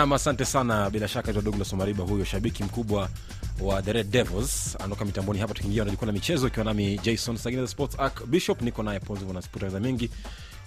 nam asante sana bila shaka ta douglas mariba huyo shabiki mkubwa wa the red devils anoka mitamboni hapa tukiingia na la michezo ikiwa nami jason sagina sports arc bishop niko naye ponzi na spotaweza mengi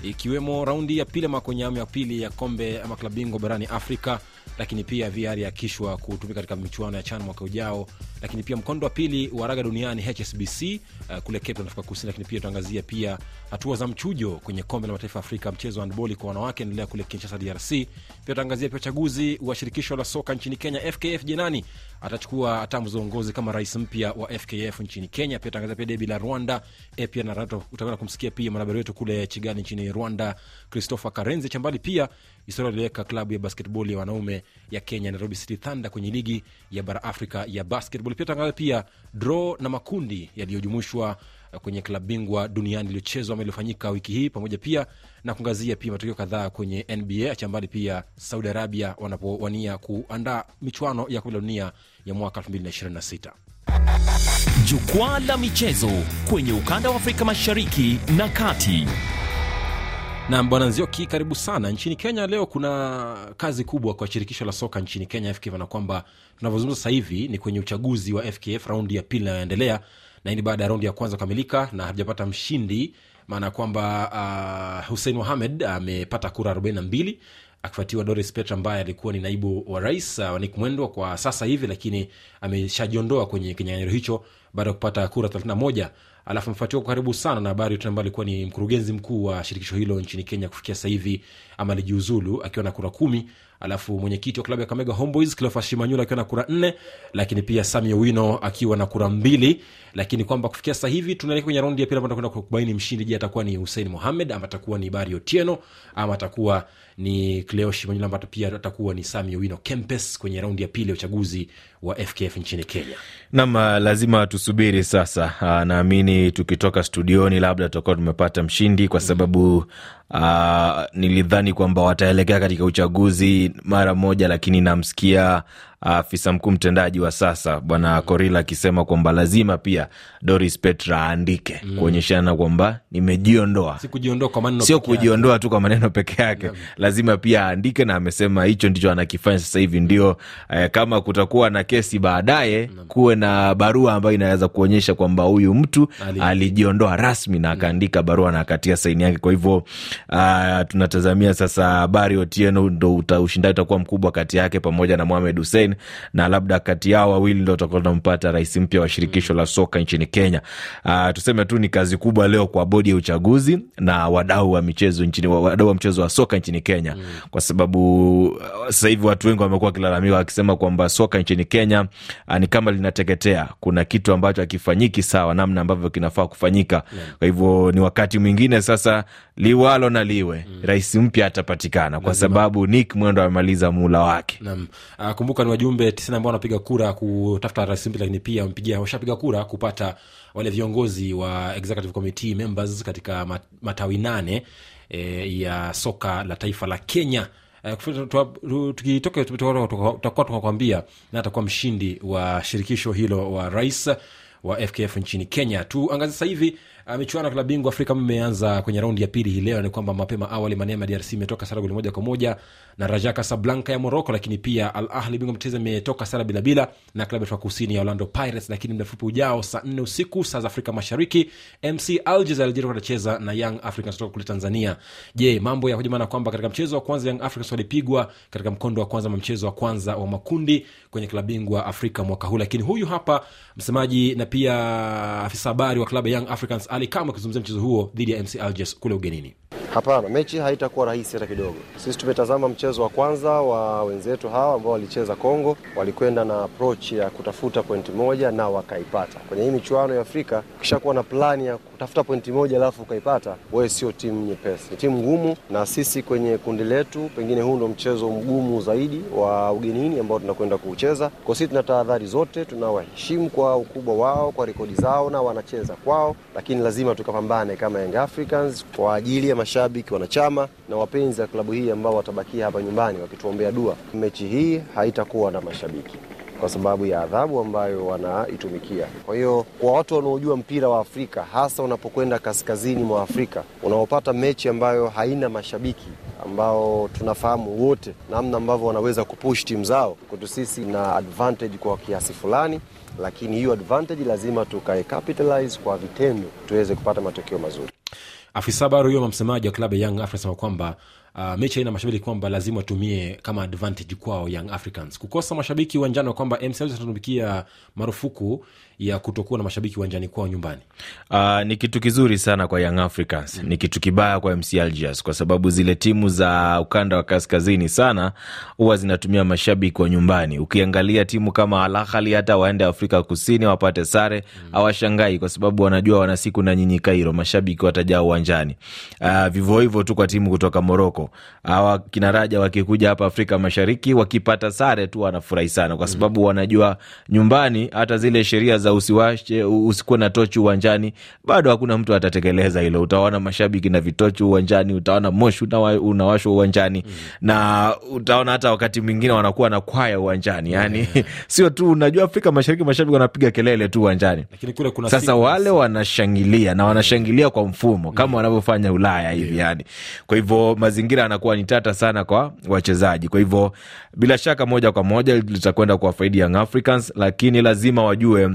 ikiwemo raundi ya pili ama kwenye amu ya pili ya kombe ama klabu bingwa barani Afrika, lakini pia VR yakishwa kutumika katika michuano ya CHAN mwaka ujao, lakini pia mkondo wa pili wa raga duniani HSBC uh, kule Cape Town, Afrika Kusini. Lakini pia tutaangazia pia hatua za mchujo kwenye kombe la mataifa ya Afrika, mchezo wa handball kwa wanawake endelea kule Kinshasa, DRC. Pia tutaangazia pia uchaguzi wa shirikisho la soka nchini Kenya, FKF, jenani atachukua hatamu za uongozi kama rais mpya wa FKF nchini Kenya. Pia tangaza pia debi la Rwanda e, pia na utakenda kumsikia pia mwanahabari wetu kule chigani nchini Rwanda, Christopher Karenzi Chambali. Pia historia aliweka klabu ya basketball ya wanaume ya Kenya, Nairobi City Thunder, kwenye ligi ya bara Afrika ya basketball. Pia tangaza pia draw na makundi yaliyojumuishwa kwenye klabu bingwa duniani iliyochezwa ama iliyofanyika wiki hii, pamoja pia na kuangazia pia matokeo kadhaa kwenye NBA, acha mbali pia Saudi Arabia wanapowania kuandaa michuano ya kombe la dunia ya mwaka 2026. Jukwaa la michezo kwenye ukanda wa Afrika mashariki na kati. Nam bwana Nzioki, karibu sana nchini Kenya. Leo kuna kazi kubwa kwa shirikisho la soka nchini Kenya, FKF, na kwamba tunavyozungumza sasa hivi ni kwenye uchaguzi wa FKF, raundi ya pili inayoendelea na hii ni baada ya raundi ya kwanza kukamilika na hajapata mshindi, maana ya kwamba uh, husein muhamed amepata uh, kura 42 akifuatiwa Doris pet ambaye alikuwa ni naibu wa rais uh, nik Mwendwa kwa sasa hivi, lakini ameshajiondoa kwenye kinyang'anyiro hicho baada ya kupata kura 31. Alafu amefuatiwa karibu sana na Habari Yote ambayo alikuwa ni mkurugenzi mkuu wa shirikisho hilo nchini Kenya kufikia sasa hivi, ama alijiuzulu akiwa na kura kumi alafu mwenyekiti wa klabu ya Kamega Homeboys Cleophas Shimanyula akiwa na kura nne, lakini pia Sami wino akiwa na kura mbili, lakini kwamba kufikia sasa hivi tunaelekea kwenye raundi ya pili ambao tunakwenda kubaini mshindi. Je, atakuwa ni Hussein Mohamed ama atakuwa ni Bari Otieno ama atakuwa ni Cleoshi Manyula ambaye pia atakuwa ni Sami Owino Kempes kwenye raundi ya pili ya uchaguzi wa FKF nchini Kenya. nam ah, lazima tusubiri sasa. Ah, naamini tukitoka studioni, labda tutakuwa tumepata mshindi kwa sababu Uh, nilidhani kwamba wataelekea katika uchaguzi mara moja, lakini namsikia Ah, afisa mkuu mtendaji wa sasa bwana mm. Korila akisema kwamba lazima pia Doris Petra aandike mm. kuonyeshana kwamba nimejiondoa, sio kujiondoa tu kwa maneno peke yake mm. lazima pia aandike, na amesema hicho ndicho anakifanya sasa hivi, ndio eh, kama kutakuwa na kesi baadaye mm. kuwe na barua ambayo inaweza kuonyesha kwamba huyu mtu alijiondoa rasmi na mm. akaandika mm. barua na akatia saini yake. Kwa hivyo uh, tunatazamia sasa Barry Otieno, ndo ushindani utakuwa mkubwa kati yake pamoja na Mohamed Hussein Hussein, na labda kati yao wawili ndo tutakuwa tunampata rais mpya wa shirikisho la soka nchini Kenya. Uh, tuseme tu ni kazi kubwa leo kwa bodi ya uchaguzi na wadau wa michezo nchini, wadau wa mchezo wa soka nchini Kenya mm. kwa sababu ah, sasa hivi watu wengi wamekuwa wakilalamika wakisema kwamba soka nchini Kenya uh, ni kama linateketea. Kuna kitu ambacho hakifanyiki sawa namna ambavyo kinafaa kufanyika mm. kwa hivyo ni wakati mwingine sasa, liwalo na liwe mm. rais mpya atapatikana kwa Lazima. sababu Nick Mwendo amemaliza muhula wake. Naam. Uh, kumbuka ni wajumbe tisini ambao wanapiga kura kutafuta rais mpya, lakini pia wamepigia washapiga kura kupata wale viongozi wa executive committee members katika matawi nane e, ya soka la taifa la Kenya. E, tukitoka tutakuwa tunakwambia na atakuwa mshindi wa shirikisho hilo wa rais wa FKF nchini Kenya. tuangazi sasa hivi uh, michuano ya klabu bingwa Afrika imeanza kwenye raundi ya pili hii leo. Ni kwamba mapema awali maneema DRC imetoka sara goli moja kwa moja na Raja Kasablanka ya Moroko, lakini pia Al Ahli bingwa mteza imetoka sara bilabila na klabu ya Kusini ya Orlando Pirates. Lakini muda mfupi ujao, saa nne usiku saa za Afrika Mashariki, MC alges Algeria watacheza na Young Africans kutoka kule Tanzania. Je, mambo ya Maana kwamba katika mchezo wa kwanza Young Africans walipigwa katika mkondo wa kwanza ma mchezo wa kwanza wa makundi kwenye klabu bingwa Afrika mwaka huu, lakini huyu hapa msemaji na pia afisa habari wa klabu ya Young Africans Ali Kamwe akizungumzia mchezo huo dhidi ya MC alges kule ugenini. Hapana, mechi haitakuwa rahisi hata kidogo. Sisi tumetazama mchezo wa kwanza wa wenzetu hawa ambao walicheza Kongo, walikwenda na approach ya kutafuta pointi moja na wakaipata. Kwenye hii michuano ya Afrika, ukishakuwa na plani ya kutafuta pointi moja alafu ukaipata, wewe sio timu nyepesi, ni timu ngumu, na sisi kwenye kundi letu, pengine huu ndo mchezo mgumu zaidi wa ugenini ambao tunakwenda kuucheza. Kwa sisi tuna tahadhari zote, tunawaheshimu kwa ukubwa wao, kwa rekodi zao, na wanacheza kwao, lakini lazima tukapambane kama Young Africans kwa ajili ya mashari mashabiki, wanachama na wapenzi wa klabu hii ambao watabakia hapa nyumbani wakituombea dua. Mechi hii haitakuwa na mashabiki kwa sababu ya adhabu ambayo wanaitumikia. Kwa hiyo kwa watu wanaojua mpira wa Afrika, hasa unapokwenda kaskazini mwa Afrika, unaopata mechi ambayo haina mashabiki ambao tunafahamu wote namna ambavyo wanaweza kupush timu zao, kwetu sisi na advantage kwa kiasi fulani, lakini hiyo advantage lazima tukae capitalize kwa vitendo tuweze kupata matokeo mazuri. Afisa habari huyo msemaji wa klabu ya Young Africans sema kwamba uh, mechi haina mashabiki kwamba lazima watumie kama advantage kwao Young Africans. Kukosa mashabiki uwanjani na kwamba MCL atatumikia marufuku ya kutokuwa na mashabiki uwanjani kwao nyumbani. Uh, ni kitu kizuri sana kwa Young Africans mm. Ni kitu kibaya kwa MC Algiers kwa sababu zile timu za ukanda wa kaskazini sana huwa zinatumia mashabiki wa nyumbani. Ukiangalia timu kama alahali hata waende Afrika Kusini wapate sare mm. hawashangai mm. kwa sababu wanajua wana siku na nyinyi Kairo mashabiki watajaa uwanjani. Uh, vivyo hivyo tu kwa timu kutoka Moroko yako. awa kinaraja wakikuja hapa Afrika Mashariki, wakipata sare tu wanafurahi sana, kwa sababu mhm. wanajua nyumbani hata zile sheria za usiwashe, usikuwe na tochi uwanjani bado hakuna mtu atatekeleza hilo. Utaona mashabiki na vitochi uwanjani, utaona moshi unawashwa uwanjani mm. na utaona hata wakati mwingine wanakuwa na kwaya uwanjani yani yeah. Yaani, sio tu unajua, Afrika Mashariki mashabiki wanapiga kelele tu uwanjani, lakini kule kuna sasa wale wanashangilia na wanashangilia kwa mfumo kama mhm. wanavyofanya Ulaya hivi yeah. yani kwa hivyo mazingira mazingira yanakuwa ni tata sana kwa wachezaji. Kwa hivyo bila shaka, moja kwa moja litakwenda kwa faidi Young Africans, lakini lazima wajue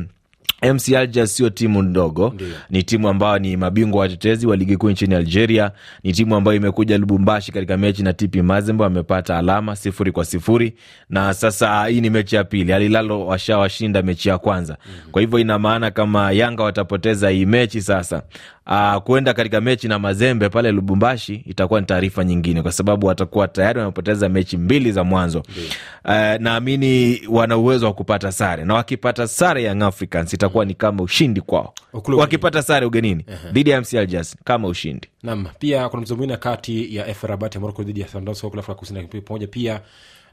MC Alger sio timu ndogo Ndiyo. Ni timu ambayo ni mabingwa watetezi wa ligi kuu nchini Algeria. Ni timu ambayo imekuja Lubumbashi katika mechi na TP Mazembe, wamepata alama sifuri kwa sifuri, na sasa hii ni mechi ya pili. Alilalo washawashinda mechi ya kwanza, mm -hmm. Kwa hivyo ina maana kama Yanga watapoteza hii mechi sasa, uh, kuenda katika mechi na Mazembe pale Lubumbashi itakuwa ni taarifa nyingine, kwa sababu watakuwa tayari wamepoteza mechi mbili za mwanzo. Uh, naamini wana uwezo wa kupata sare, na wakipata sare Young Africans itakuwa ni kama ushindi kwao. Wakipata sare ugenini dhidi ya MC Alger kama ushindi. Naam, pia kuna mchezo mwingine kati ya FAR Rabat ya Morocco dhidi ya Sundowns ya Afrika Kusini pamoja pia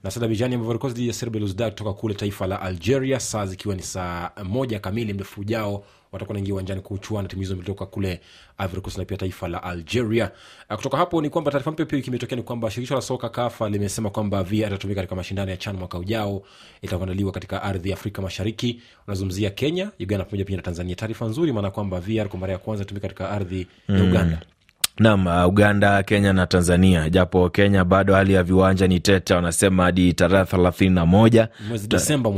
na Sadabijani ambao walikosa dhidi ya Serbia Luzdad kutoka kule taifa la Algeria, saa zikiwa ni saa moja kamili mrefu ujao watakuwa naingia uwanjani kuchuana timu hizo kutoka kule Ivory na pia taifa la Algeria. Ah, kutoka hapo ni kwamba taarifa mpya pia imetokea ni kwamba shirikisho la soka KAFA limesema kwamba VAR itatumika katika mashindano ya CHAN mwaka ujao itakayoandaliwa katika ardhi ya Afrika Mashariki. Unazungumzia Kenya, Uganda pamoja pia na Tanzania. Taarifa nzuri maana kwamba VAR kwa mara ya kwanza itumika katika ardhi ya mm. Uganda. Nam uh, Uganda, Kenya na Tanzania, japo Kenya bado hali ya viwanja ni tete, wanasema hadi tarehe thelathini na moja mwezi Desemba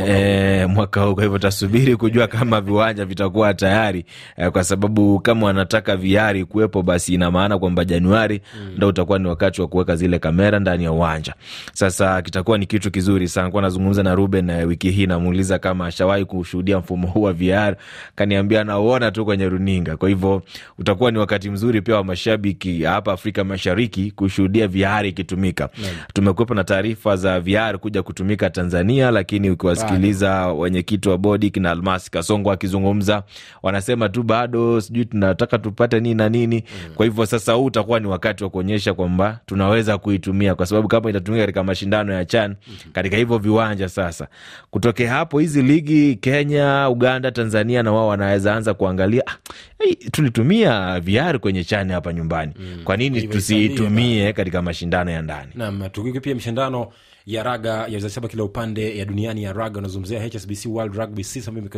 mwaka eh, huu. Kwa hivyo tasubiri kujua kama viwanja vitakuwa tayari e, kwa sababu kama wanataka viari kuwepo, basi ina maana kwamba Januari mm, ndo utakuwa ni wakati wa kuweka zile kamera ndani ya uwanja. Sasa kitakuwa ni kitu kizuri sana. Kuwa nazungumza na Ruben eh, wiki hii, namuuliza kama ashawahi kushuhudia mfumo huu wa VR, kaniambia anauona tu kwenye runinga. Kwa hivyo utakuwa ni wakati mzuri pia wa mashabiki mashabiki hapa Afrika Mashariki kushuhudia VR ikitumika. Tumekuwepo na taarifa za VR kuja kutumika Tanzania, lakini ukiwasikiliza wenyekiti wa bodi kina Almasi Kasongo akizungumza, wanasema tu bado sijui tunataka tupate nini na nini. Hmm. Kwa hivyo sasa huu utakuwa ni wakati wa kuonyesha kwamba tunaweza kuitumia, kwa sababu kama itatumika katika mashindano ya CHAN hmm. katika hivyo viwanja sasa, kutokea hapo hizi ligi Kenya, Uganda, Tanzania na wao wanaweza anza kuangalia, ah, hey, tulitumia VR kwenye CHAN hapa nyumbani nyumbani mm. kwa nini tusiitumie katika mashindano ya ndani nam pia mashindano ya raga ya wachezaji saba kila upande ya duniani ya raga unazungumzia hsbc world rugby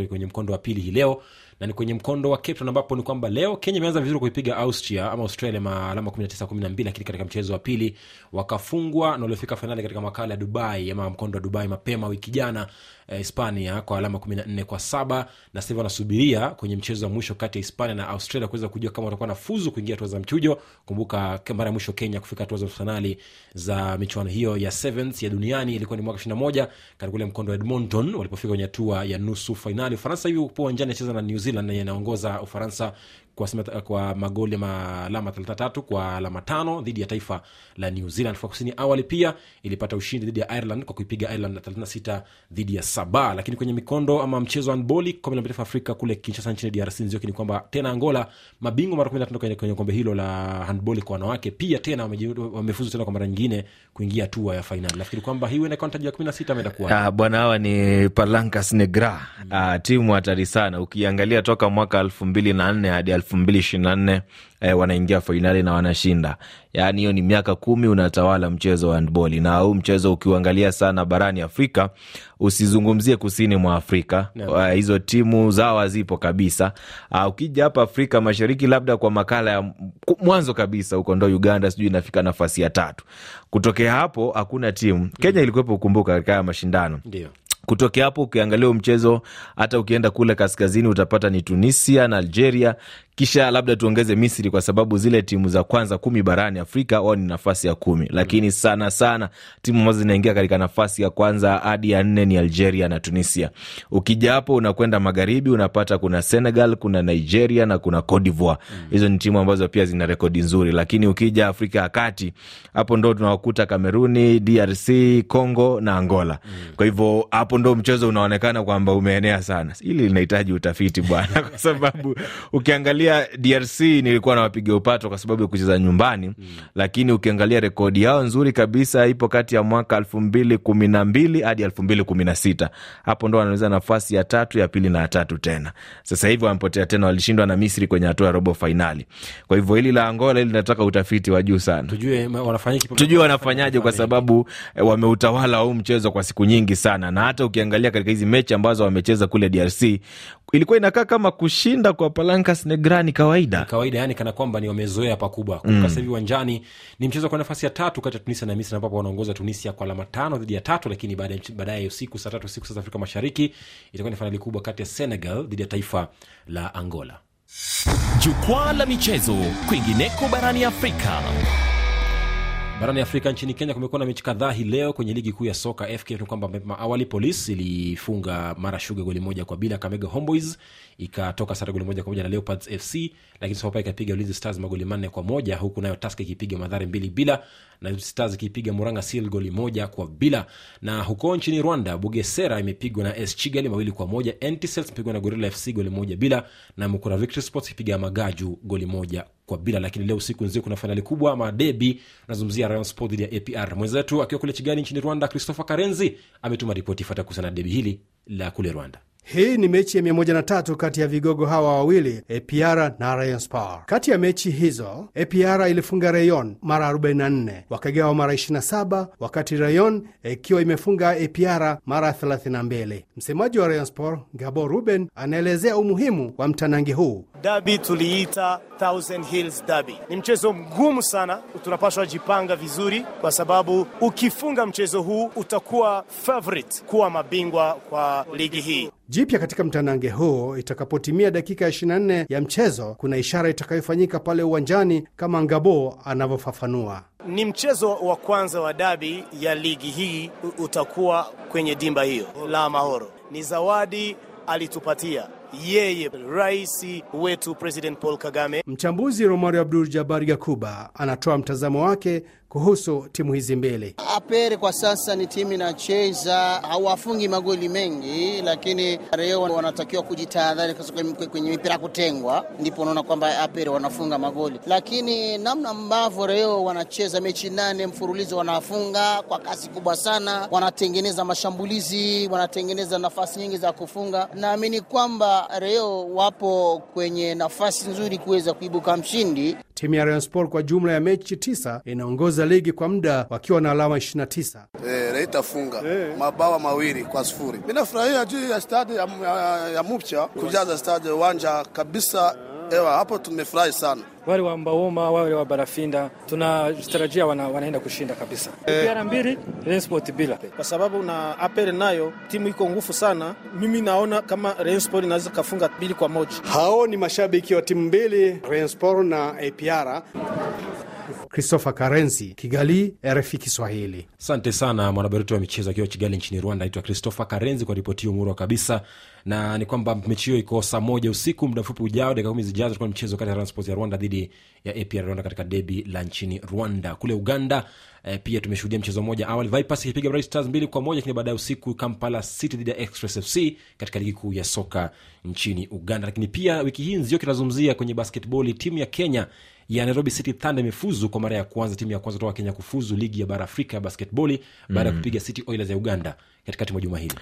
kwenye mkondo wa pili hii leo na ni kwenye mkondo wa Cape Town ambapo ni kwamba leo Kenya imeanza vizuri kuipiga Austria ama Australia maalama 19 12, lakini katika mchezo wa pili wakafungwa na waliofika fainali katika makala ya Dubai ama mkondo wa Dubai mapema wiki jana eh, Hispania kwa alama 14 kwa saba, na sasa wanasubiria kwenye mchezo wa mwisho kati ya Hispania na Australia kuweza kujua kama watakuwa na fuzu kuingia hatua za mchujo. Kumbuka mara ya mwisho Kenya kufika hatua za fainali za michuano hiyo ya sevens ya duniani ilikuwa ni mwaka 21 katika ule mkondo wa Edmonton walipofika kwenye hatua ya nusu fainali. Ufaransa hivi upo uwanjani acheza na New zealand yenye inaongoza ufaransa kwa, kwa magoli alama 33 kwa alama tano dhidi ya taifa la new zealand fa kusini awali pia ilipata ushindi dhidi ya ireland kwa kuipiga ireland 36 dhidi ya saba lakini kwenye mikondo ama mchezo anboli kombe la mataifa afrika kule kinshasa nchini drc nzioki ni kwamba tena angola mabingwa mara 15 kwenye kwenye kombe hilo la handboli kwa wanawake pia tena wamefuzu tena kwa mara nyingine kuingia hatua ya fainali nafikiri kwamba hii huenda kantaji ya 16 ameenda kuwa bwana hawa ni palankas negra uh, timu hatari sana. Ukiangalia toka mwaka elfu mbili na nne hadi elfu mbili ishirini na nne eh, wanaingia fainali na wanashinda. Yaani hiyo ni miaka kumi unatawala mchezo wa handball, na huu mchezo ukiuangalia sana barani Afrika, usizungumzie kusini mwa Afrika no. Uh, ah, hizo timu zao hazipo kabisa. Uh, ukija hapa Afrika Mashariki, labda kwa makala ya mwanzo kabisa huko ndo Uganda sijui inafika nafasi ya tatu. Kutokea hapo hakuna timu. Kenya ilikuwepo, ukumbuka, katika haya mashindano ndio Kutokea hapo ukiangalia mchezo, hata ukienda kule kaskazini utapata ni Tunisia na Algeria kisha labda tuongeze Misri kwa sababu zile timu za kwanza kumi barani Afrika wao ni nafasi ya kumi, lakini sana sana timu ambazo zinaingia katika nafasi ya kwanza hadi ya nne ni Algeria na Tunisia. Ukija hapo unakwenda magharibi, unapata kuna Senegal, kuna Nigeria na kuna Cote d'Ivoire. Mm. Hizo ni timu ambazo pia zina rekodi nzuri, lakini ukija Afrika ya kati hapo ndo tunawakuta Kameruni, DRC, Congo na Angola. Mm. Kwa hivyo hapo ndo mchezo unaonekana kwamba umeenea sana. Hili linahitaji utafiti bwana, kwa sababu ukiangalia ukiangalia DRC nilikuwa nawapiga upato kwa sababu ya kucheza nyumbani mm. Lakini ukiangalia rekodi yao nzuri kabisa ipo kati ya mwaka elfu mbili kumi na mbili hadi elfu mbili kumi na sita hapo ndo wanaweza nafasi ya tatu ya pili na ya tatu tena. Sasa hivi wamepotea tena, walishindwa na Misri kwenye hatua ya robo fainali. Kwa hivyo hili la Angola hili linataka utafiti wa juu sana, tujue wanafanyaje, tujue wanafanyaje kwa sababu eh, wameutawala huu mchezo kwa siku nyingi sana, na hata ukiangalia katika hizi mechi ambazo wamecheza kule DRC ilikuwa inakaa kama kushinda kwa Palancas Negra raha ni kawaida, kawaida yani kana kwamba ni wamezoea pakubwa. Mm. sahivi uwanjani ni mchezo kwa nafasi ya tatu kati ya Tunisia na Misri, ambapo wanaongoza Tunisia kwa alama tano dhidi ya tatu, lakini baadaye usiku saa tatu siku za Afrika Mashariki itakuwa ni fainali kubwa kati ya Senegal dhidi ya taifa la Angola. Jukwaa la michezo kwingineko barani Afrika. Barani Afrika, nchini Kenya kumekuwa na mechi kadhaa hii leo kwenye ligi kuu ya soka FKF. Ni kwamba mapema awali Polisi ilifunga Mara shuge goli moja kwa bila, kamega Homeboys ikatoka sare goli moja kwa moja na Leopards FC, lakini sopa ikapiga Ulinzi Stars magoli manne kwa moja huku nayo Tusker ikipiga Mathare mbili bila na Stars ikipiga Muranga Seal goli moja kwa bila. Na huko nchini Rwanda, Bugesera imepigwa na s chigali mawili kwa moja, Etincelles imepigwa na Gorilla FC goli moja bila, na Mukura Victory Sports ikipiga Magaju goli moja kwa bila, lakini leo usiku nzio kuna fainali kubwa ama debi, nazungumzia Rayon Sport dhidi ya APR. Mwenzetu akiwa kule chigani nchini Rwanda, Christopher Karenzi ametuma ripoti ifuata kuhusiana na debi hili la kule Rwanda. Hii ni mechi ya 13 kati ya vigogo hawa wawili APR na Rayon Kati ya mechi hizo APR ilifunga Rayon mara 44 wakagawa mara 27, wakati Rayon eh, ikiwa imefunga APR mara 32. Msemaji wa Rayon Gabo Ruben anaelezea umuhimu wa mtanange huu Dabi tuliita Thousand Hills Dabi. Ni mchezo mgumu sana, tunapaswa jipanga vizuri, kwa sababu ukifunga mchezo huu utakuwa favorite kuwa mabingwa kwa ligi hii. Jipya katika mtanange huu, itakapotimia dakika ya 24 ya mchezo, kuna ishara itakayofanyika pale uwanjani, kama Ngabo anavyofafanua. Ni mchezo wa kwanza wa dabi ya ligi hii utakuwa kwenye dimba hiyo la Mahoro. Ni zawadi alitupatia yeye rais wetu President Paul Kagame. Mchambuzi Romario Abdul Jabari Gakuba anatoa mtazamo wake kuhusu timu hizi mbili. Apere kwa sasa ni timu inacheza, hawafungi magoli mengi, lakini leo wanatakiwa kujitahadhari kwenye mipira ya kutengwa, ndipo unaona kwamba Apere wanafunga magoli, lakini namna ambavyo leo wanacheza mechi nane mfululizo wanafunga kwa kasi kubwa sana, wanatengeneza mashambulizi, wanatengeneza nafasi nyingi za kufunga. Naamini kwamba leo wapo kwenye nafasi nzuri kuweza kuibuka mshindi. Timu ya Rayon Sport kwa jumla ya mechi tisa inaongoza ligi kwa muda wakiwa na alama 29. Eh, naitafunga eh, mabawa mawili kwa sifuri. Minafurahia juu ya stadi ya, ya, ya Mupcha kujaza stadi uwanja kabisa Ewa, hapo tumefurahi sana. Wale wa Mbaoma, wale wa Barafinda tunatarajia wana, wanaenda kushinda kabisa eh. mbili Rensport bila, kwa sababu na apele nayo timu iko nguvu sana. Mimi naona kama Rensport inaweza kafunga mbili kwa moja. Hao ni mashabiki wa timu mbili Rensport na eh, APR. Christopher Karenzi, Kigali, RFI Kiswahili. Asante sana mwanahabari wetu wa michezo akiwa Kigali nchini Rwanda, anaitwa Christopher Karenzi kwa ripoti hiyo murwa kabisa, na ni kwamba mechi hiyo iko saa moja usiku, muda mfupi ujao, dakika kumi zijazo, tutakuwa mchezo kati ya Transport ya Rwanda dhidi ya APR Rwanda katika debi la nchini Rwanda. Kule Uganda eh, pia tumeshuhudia mchezo mmoja awali, Vipers ikipiga Bright Stars mbili kwa moja, lakini baadaye usiku Kampala City dhidi ya Express FC katika ligi kuu ya soka nchini Uganda. Lakini pia wiki hii nzio kinazungumzia kwenye basketball, timu ya Kenya ya Nairobi City thanda imefuzu kwa mara ya kwanza, timu ya kwanza kutoka Kenya kufuzu ligi ya bara Afrika ya basketboli baada ya mm. kupiga City Oilers ya Uganda katikati mwa juma hili.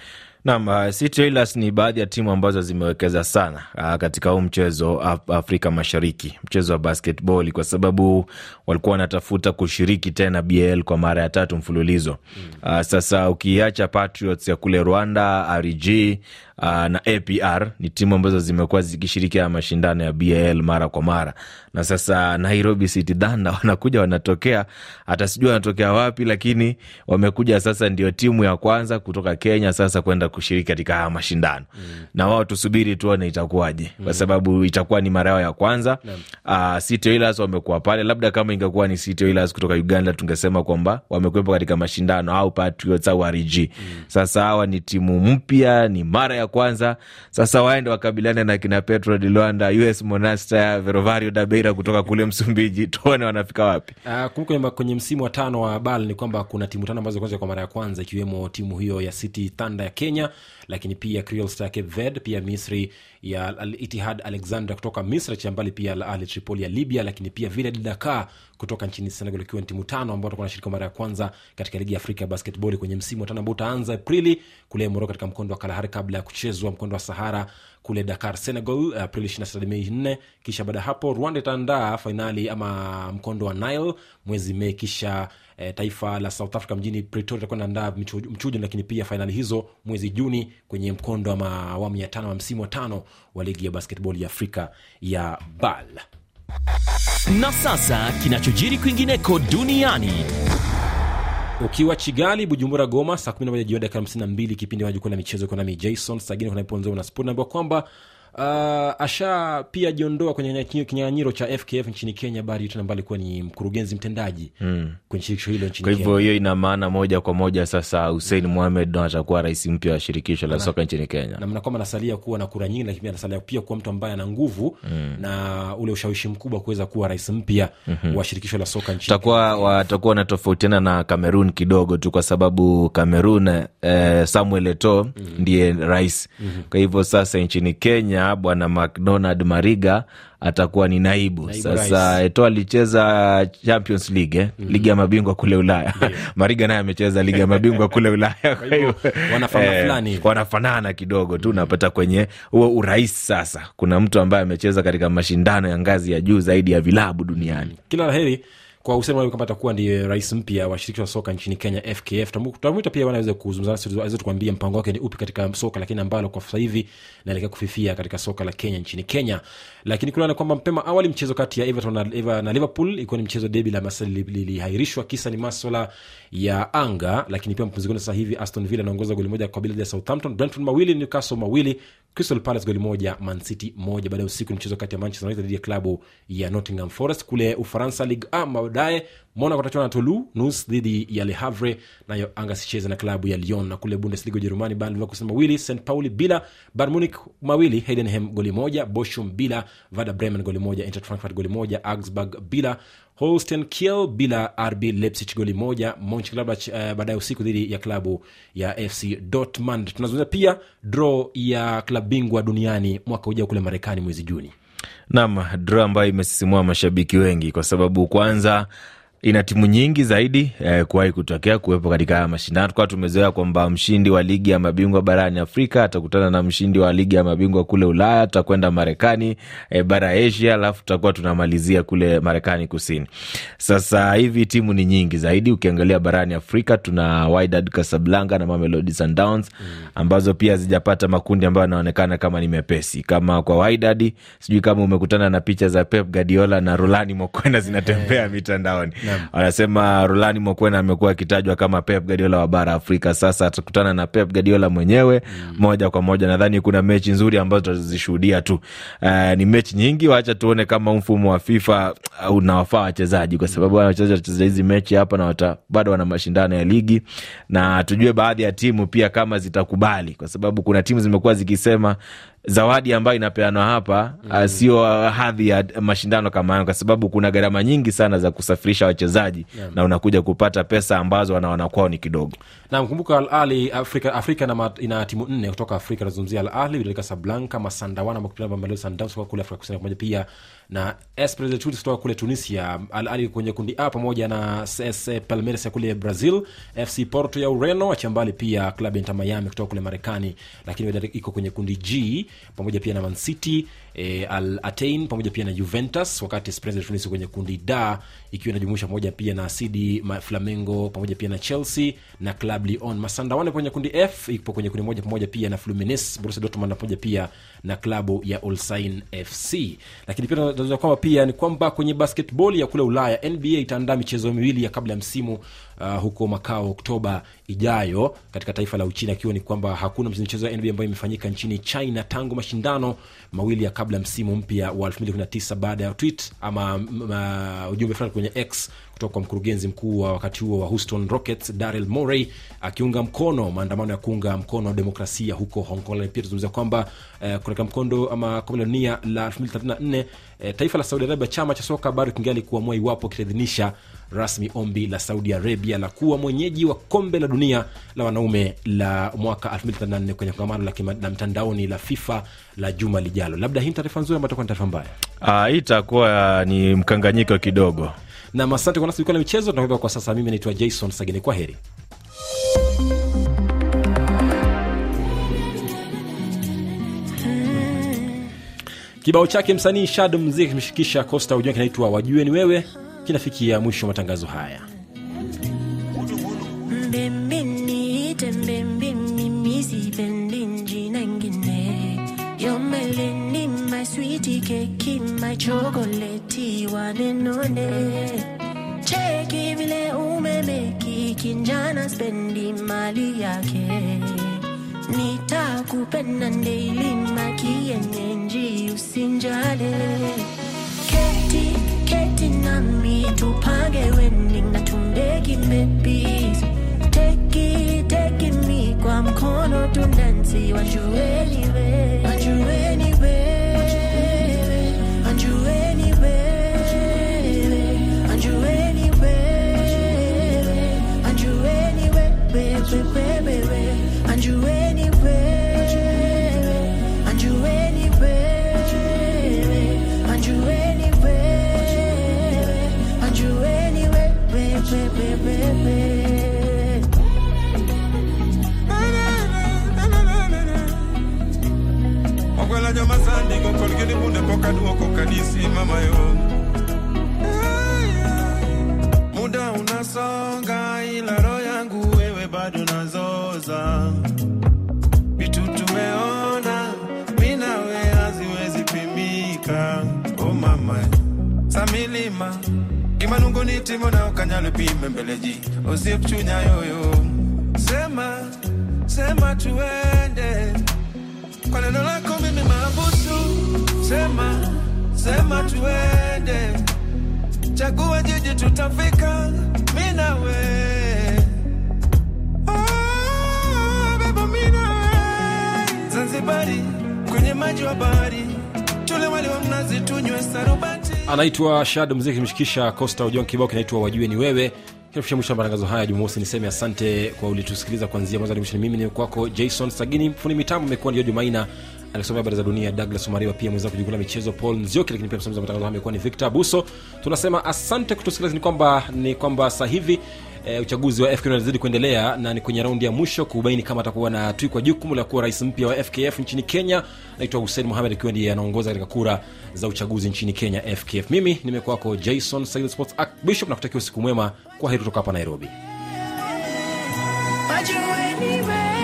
Naam, City uh, Oilers ni baadhi ya timu ambazo zimewekeza sana uh, katika huu mchezo af Afrika Mashariki, mchezo wa basketball, kwa sababu walikuwa wanatafuta kushiriki tena BL kwa mara ya tatu mfululizo. Mm. Uh, sasa ukiacha Patriots ya kule Rwanda, RG na APR ni timu ambazo zimekuwa zikishiriki ya mashindano ya BL mara kwa mara, na sasa Nairobi City Thunder wanakuja wanatokea, hata sijui wanatokea wapi, lakini wamekuja sasa, ndio timu ya kwanza kutu kutoka Kenya sasa kwenda kushiriki katika haya mashindano mm. na wao tusubiri tuone itakuwaje mm. kwa sababu itakuwa ni mara yao ya kwanza uh, ah, City Oilers wamekuwa pale, labda kama ingekuwa ni City Oilers kutoka Uganda tungesema kwamba wamekuwepo katika mashindano au Patriots au RG mm. Sasa hawa ni timu mpya, ni mara ya kwanza. Sasa waende wakabiliane na kina Petro de Luanda, US Monastir, Verovario da Beira kutoka kule Msumbiji, tuone wanafika wapi. Uh, ah, kumbuka kwenye msimu wa tano wa BAL ni kwamba kuna timu tano ambazo kwanza kwa mara ya kwanza ikiwemo timu hiyo ya City Thunder ya Kenya, lakini pia Creole Star pia Misri ya itihad alexander kutoka Misri, chambali pia Al Ahly Tripoli ya Libya, lakini pia vile Dakar kutoka nchini Senegal, ikiwa ni timu tano ambao watakuwa wanashiriki mara ya kwanza katika ligi ya Afrika ya basketball kwenye msimu watano ambao utaanza Aprili kule Moroko, katika mkondo wa Kalahari kabla ya kuchezwa mkondo wa Sahara kule Dakar, Senegal, Aprili 26 Mei 4. Kisha baada ya hapo Rwanda itaandaa fainali ama mkondo wa Nile mwezi Mei, kisha e, taifa la South Africa mjini Pretoria itakuwa inaandaa mchujo, lakini pia fainali hizo mwezi Juni kwenye mkondo wa awamu ya tano wa msimu wa tano wa ligi ya basketball ya Afrika ya BAL. Na sasa kinachojiri kwingineko duniani ukiwa chigali Bujumbura, Goma saa 11 jioni dakika 52, kipindi wa jukwaa la michezo, kuna mi Jason Sagini, kuna ponzo na Sport naambiwa kwamba uh, asha pia jiondoa kwenye kinyanganyiro cha fkf nchini kenya bali tena mbali kuwa ni mkurugenzi mtendaji mm. kwenye shirikisho hilo nchini kwa hivyo hiyo ina maana moja kwa moja sasa husein mm. muhamed no atakuwa rais mpya wa shirikisho la soka nchini kenya namna kwamba anasalia kuwa na kura nyingi lakini anasalia pia kuwa mtu ambaye ana nguvu mm. na ule ushawishi mkubwa kuweza kuwa rais mpya mm-hmm. wa shirikisho la soka nchini takuwa watakuwa wanatofautiana na cameron kidogo tu kwa sababu cameron eh, samuel eto mm. hmm ndiye rais mm-hmm. kwa hivyo sasa nchini kenya bwana McDonald Mariga atakuwa ni naibu, naibu sasa Eto alicheza Champions League eh? mm-hmm. ligi ya mabingwa kule Ulaya yeah. Mariga naye amecheza ligi ya mabingwa kule Ulaya wanafanana, eh, wanafanana kidogo tu napata mm-hmm. kwenye huo urais. Sasa kuna mtu ambaye amecheza katika mashindano ya ngazi ya juu zaidi ya vilabu duniani. Kila la kwa usema Mwalimu kwamba atakuwa ndiye rais mpya wa shirikisho la soka nchini Kenya FKF. Tutamwita pia aweze kuzungumza nasi, aweze tukuambia mpango wake ni upi katika soka lakini ambalo kwa sasa hivi naelekea kufifia katika soka la Kenya nchini Kenya. Lakini kulingana kwamba mpema awali mchezo kati ya Everton na, Eva, na Liverpool ilikuwa ni mchezo debi la masali lilihairishwa li, li, kisa ni maswala ya anga, lakini pia mapumzikoni sasa hivi Aston Villa anaongoza goli moja kwa bila ya Southampton, Brentford mawili, Newcastle mawili Crystal Palace goli moja, Man City moja. Baada ya usiku ni mchezo kati ya Manchester United dhidi ya klabu ya Nottingham Forest kule Ufaransa, Ligue 1. Baadaye Monaco watachana na Toulouse, Nice dhidi ya Le Havre, nayo Anga sicheze na klabu ya Lyon. Na kule Bundesliga Ujerumani, Bayer Leverkusen mawili, St Pauli bila, Bayern Munich mawili, Heidenheim goli moja, Bochum bila, Werder Bremen goli moja, Eintracht Frankfurt goli moja, Augsburg bila holsten Kiel bila RB Leipzig goli moja. Monchengladbach uh, eh, baadaye usiku dhidi ya klabu ya FC Dortmund. Tunazungumza pia draw ya klabu bingwa duniani mwaka ujao kule Marekani mwezi Juni. Naam, draw ambayo imesisimua mashabiki wengi kwa sababu kwanza ina timu nyingi zaidi eh, kuwahi kutokea kuwepo katika haya mashindano. Tukawa tumezoea kwamba mshindi wa ligi ya mabingwa barani Afrika atakutana na mshindi wa ligi ya mabingwa kule Ulaya, tutakwenda Marekani, eh, bara Asia, alafu tutakuwa tunamalizia kule Marekani kusini. Sasa hivi timu ni nyingi zaidi. Ukiangalia barani Afrika tuna Wydad Casablanca na Mamelodi Sundowns mm, ambazo pia zijapata makundi ambayo yanaonekana kama ni mepesi kama kwa Wydad. Sijui kama umekutana na picha za Pep Guardiola na Rulani Mokwena zinatembea eh. mitandaoni anasema Rulani Mokwena amekuwa akitajwa kama Pep Guardiola wa bara Afrika. Sasa atakutana na Pep Guardiola mwenyewe mm. moja kwa moja. Nadhani kuna mechi nzuri ambazo tutazishuhudia tu. Uh, ni mechi nyingi, wacha tuone kama mfumo wa FIFA unawafaa wachezaji, kwa sababu wachezaji watacheza hizi mechi hapa na wata, bado wana mashindano ya ligi, na tujue baadhi ya timu pia kama zitakubali, kwa sababu kuna timu zimekuwa zikisema zawadi ambayo inapeanwa hapa mm. Ah, sio hadhi ya mashindano kama hayo, kwa sababu kuna gharama nyingi sana za kusafirisha wachezaji yeah. na unakuja kupata pesa ambazo wanaona kwao ni kidogo. Na mkumbuka Al Ahly Afrika, Afrika na ina timu nne kutoka Afrika, nazungumzia Al Ahly, Wydad Casablanca, Masandawana Mamelodi Sundowns kutoka kule Afrika Kusini, pamoja pia na Esperance Tunis kutoka kule Tunisia. Al Ahly kwenye kundi A pamoja na CS Palmeiras ya kule Brazil, FC Porto ya Ureno, achambali pia klabu ya Inter Miami kutoka kule Marekani, lakini Wydad iko kwenye kundi G pamoja pia na Man City e, Al Atain pamoja pia na Juventus, wakati Esperance de Tunis kwenye kundi D ikiwa inajumuisha pamoja pia na CD Flamengo pamoja pia na Chelsea na Club Lyon. Masanda wane kwenye kundi F ipo kwenye kundi moja pamoja pia na Fluminense, Borussia Dortmund pamoja pia na klabu ya Olsain FC. Lakini pia tunazungumza kwamba pia ni kwamba kwenye basketball ya kule Ulaya NBA itaandaa michezo miwili ya kabla ya msimu Uh, huko Makao Oktoba ijayo katika taifa la Uchina, ikiwa ni kwamba hakuna michezo ya NBA ambayo imefanyika nchini China tangu mashindano mawili ya kabla kabla msimu mpya wa 2019 baada ya tweet ama ujumbe fulani kwenye X kutoka kwa mkurugenzi mkuu wa wakati huo wa Houston Rockets Daryl Morey akiunga mkono maandamano ya kuunga mkono demokrasia huko Hong Kong. Lakini pia tuzungumzia kwamba eh, kuleka mkondo ama kombe la dunia la 2034 eh, taifa la Saudi Arabia, chama cha soka bado kingali kuamua iwapo kitaidhinisha rasmi ombi la Saudi Arabia la kuwa mwenyeji wa kombe la dunia la wanaume la mwaka 2034 kwenye kongamano la mtandaoni la FIFA la juma lijalo. Labda hii ni taarifa nzuri ambao takuwa ni taarifa mbaya. hii ah, itakuwa ni mkanganyiko kidogo nam asante kwa nasi na michezo tunabeba kwa sasa. Mimi naitwa Jason Sagini, kwa heri. Kibao chake msanii Shado Mziki kimeshikisha Costa Ujua kinaitwa wajue ni wewe, kinafikia mwisho wa matangazo haya. my chocolate wanenone cheki vile kinjana spendi mali yake nitakupenda ndeimakienyenji usinjale keti keti nami tupange wedding na tundeki mbebis teki teki mi kwa mkono tundansi wajueniwe wajueniwe you any Mala joma sandigo kol gini bunde poka duoko kanisi mama Muda unasonga ila roho yangu wewe bado nazoza Vitu tumeona minawe we haziwezi pimika Oh mama Samilima Kimanunguni timo na ukanyalo pime mbeleji Usipchunya yoyo Sema, sema tuende Kwa neno lako mimi mabusu, sema sema tuende, chagua jiji, tutafika mimi na oh, Zanzibari kwenye maji wa bahari tule wali wa mnazi tunywe sarubati. Anaitwa Shad, mziki mshikisha Costa ujon kibao kinaitwa wajue ni wewe mwisho wa matangazo haya Jumamosi, niseme asante kwa ulitusikiliza kuanzia mwanzo hadi mwisho. Mimi ni kwako Jason Sagini, fundi mitambo amekuwa ni Jojo Maina alisomea habari za dunia douglas mariwa pia mweza kujungula michezo paul nzioki lakini pia msomaji wa matangazo amekuwa ni victor buso tunasema asante kutusikiliza ni kwamba ni kwamba sasa hivi E, uchaguzi wa FKF unazidi kuendelea na ni kwenye raundi ya mwisho kubaini kama atakuwa na tui kwa jukumu la kuwa rais mpya wa FKF nchini Kenya. Naitwa Hussein Mohamed akiwa ndiye anaongoza katika kura za uchaguzi nchini Kenya FKF. Mimi nimekuwako Jason Sail Sports ah, Bishop, nakutakia usiku mwema. Kwa heri kutoka hapa Nairobi. Majuwe,